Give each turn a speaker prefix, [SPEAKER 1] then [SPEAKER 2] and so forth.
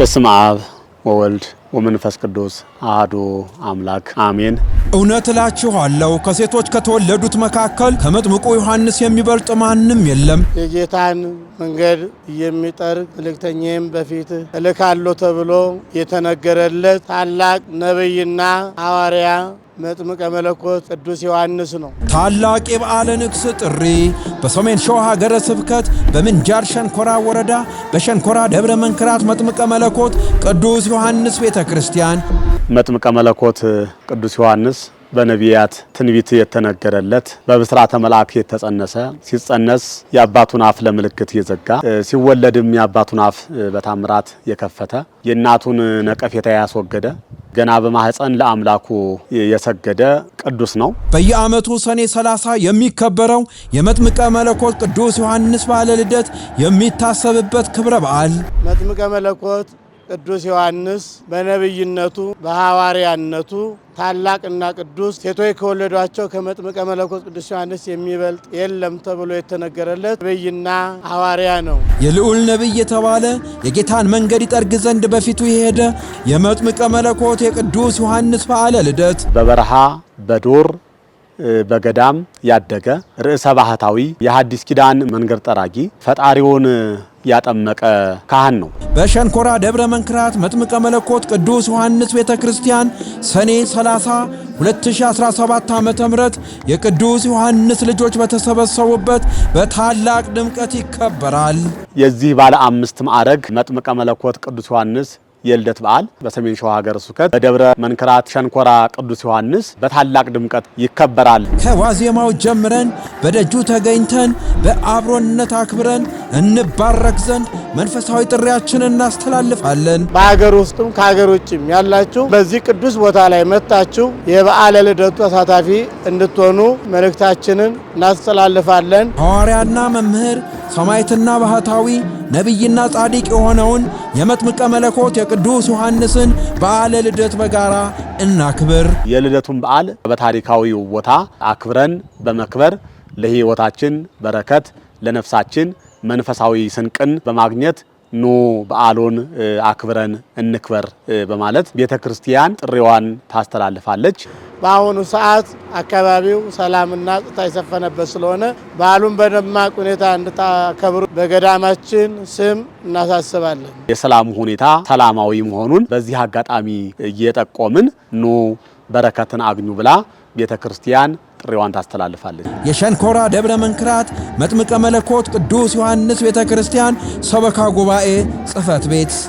[SPEAKER 1] በስም አብ ወወልድ ወመንፈስ ቅዱስ አህዶ አምላክ አሜን።
[SPEAKER 2] እውነት እላችኋለሁ ከሴቶች ከተወለዱት መካከል ከመጥምቁ ዮሐንስ የሚበልጥ ማንም የለም።
[SPEAKER 3] የጌታን መንገድ የሚጠርግ መልእክተኛም በፊት እልካለሁ ተብሎ የተነገረለት ታላቅ ነቢይና ሐዋርያ መጥምቀ መለኮት ቅዱስ ዮሐንስ ነው።
[SPEAKER 2] ታላቅ የበዓለ ንግሥ ጥሪ በሰሜን ሸዋ ሀገረ ስብከት በምንጃር ሸንኮራ ወረዳ በሸንኮራ ደብረ መንክራት መጥምቀ መለኮት ቅዱስ ዮሐንስ ቤተ ክርስቲያን።
[SPEAKER 1] መጥምቀ መለኮት ቅዱስ ዮሐንስ በነቢያት ትንቢት የተነገረለት በብስራተ መልአክ የተጸነሰ ሲጸነስ የአባቱን አፍ ለምልክት የዘጋ ሲወለድም የአባቱን አፍ በታምራት የከፈተ የእናቱን ነቀፌታ ያስወገደ ገና በማህፀን ለአምላኩ የሰገደ ቅዱስ ነው።
[SPEAKER 2] በየዓመቱ ሰኔ 30 የሚከበረው የመጥምቀ መለኮት ቅዱስ ዮሐንስ በዓለ ልደት የሚታሰብበት ክብረ በዓል
[SPEAKER 3] መጥምቀ መለኮት ቅዱስ ዮሐንስ በነቢይነቱ በሐዋርያነቱ ታላቅና ቅዱስ ሴቶች ከወለዷቸው ከመጥምቀ መለኮት ቅዱስ ዮሐንስ የሚበልጥ የለም ተብሎ የተነገረለት ነቢይና ሐዋርያ ነው።
[SPEAKER 2] የልዑል ነቢይ የተባለ የጌታን መንገድ ይጠርግ ዘንድ በፊቱ የሄደ የመጥምቀ መለኮት የቅዱስ ዮሐንስ በዓለ ልደት
[SPEAKER 1] በበረሃ በዱር በገዳም ያደገ ርዕሰ ባህታዊ የሐዲስ ኪዳን መንገድ ጠራጊ ፈጣሪውን ያጠመቀ ካህን ነው።
[SPEAKER 2] በሸንኮራ ደብረ መንክራት መጥምቀ መለኮት ቅዱስ ዮሐንስ ቤተ ክርስቲያን ሰኔ 30 2017 ዓ.ም የቅዱስ ዮሐንስ ልጆች በተሰበሰቡበት በታላቅ ድምቀት ይከበራል።
[SPEAKER 1] የዚህ ባለ አምስት ማዕረግ መጥምቀ መለኮት ቅዱስ ዮሐንስ የልደት በዓል በሰሜን ሸዋ ሀገረ ስብከት በደብረ መንክራት ሸንኮራ ቅዱስ ዮሐንስ በታላቅ ድምቀት ይከበራል።
[SPEAKER 2] ከዋዜማው ጀምረን በደጁ ተገኝተን በአብሮነት አክብረን እንባረክ ዘንድ መንፈሳዊ ጥሪያችንን እናስተላልፋለን።
[SPEAKER 3] በሀገር ውስጥም ከሀገር ውጭም ያላችሁ በዚህ ቅዱስ ቦታ ላይ መጥታችሁ የበዓለ ልደቱ ተሳታፊ እንድትሆኑ መልእክታችንን እናስተላልፋለን።
[SPEAKER 2] ሐዋርያና መምህር ሰማዕትና ባህታዊ ነቢይና ጻድቅ የሆነውን የመጥምቀ መለኮት የቅዱስ ዮሐንስን በዓለ ልደት በጋራ እናክብር።
[SPEAKER 1] የልደቱን በዓል በታሪካዊው ቦታ አክብረን በመክበር ለሕይወታችን በረከት ለነፍሳችን መንፈሳዊ ስንቅን በማግኘት ኑ በዓሉን አክብረን እንክበር በማለት ቤተ ክርስቲያን ጥሪዋን ታስተላልፋለች።
[SPEAKER 3] በአሁኑ ሰዓት አካባቢው ሰላምና ጸጥታ የሰፈነበት ስለሆነ በዓሉን በደማቅ ሁኔታ እንድታከብሩ በገዳማችን ስም እናሳስባለን።
[SPEAKER 1] የሰላሙ ሁኔታ ሰላማዊ መሆኑን በዚህ አጋጣሚ እየጠቆምን ኑ በረከትን አግኙ ብላ ቤተ ክርስቲያን ጥሪዋን ታስተላልፋለች።
[SPEAKER 2] የሸንኮራ ደብረ መንክራት መጥምቀ መለኮት ቅዱስ ዮሐንስ ቤተ ክርስቲያን ሰበካ ጉባኤ ጽሕፈት ቤት